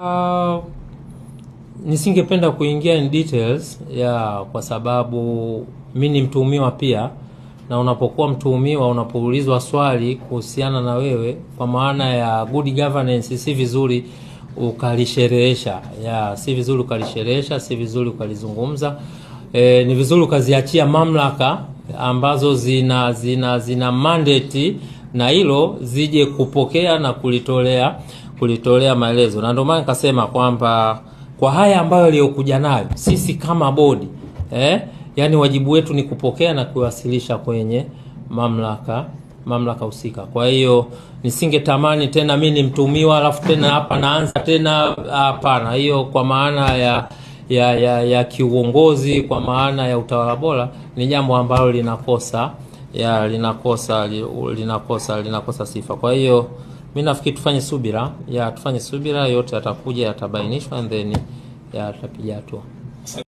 Uh, nisingependa kuingia in details ya kwa sababu mi ni mtuhumiwa pia, na unapokuwa mtuhumiwa, unapoulizwa swali kuhusiana na wewe, kwa maana ya good governance, si vizuri ukalisherehesha ya si vizuri ukalisherehesha, si vizuri ukalizungumza. E, ni vizuri ukaziachia mamlaka ambazo zina zina zina mandate na hilo zije kupokea na kulitolea kulitolea maelezo, na ndio maana nikasema kwamba kwa haya ambayo aliyokuja nayo sisi kama bodi eh, yani wajibu wetu ni kupokea na kuwasilisha kwenye mamlaka mamlaka husika. Kwa hiyo nisingetamani tena mi ni mtumiwa alafu tena hapa naanza tena, hapana. Hiyo kwa maana ya ya, ya, ya kiuongozi kwa maana ya utawala bora ni jambo ambalo linakosa ya linakosa linakosa linakosa sifa. Kwa hiyo mimi nafikiri tufanye subira, ya tufanye subira, yote yatakuja yatabainishwa, and then ya hatua.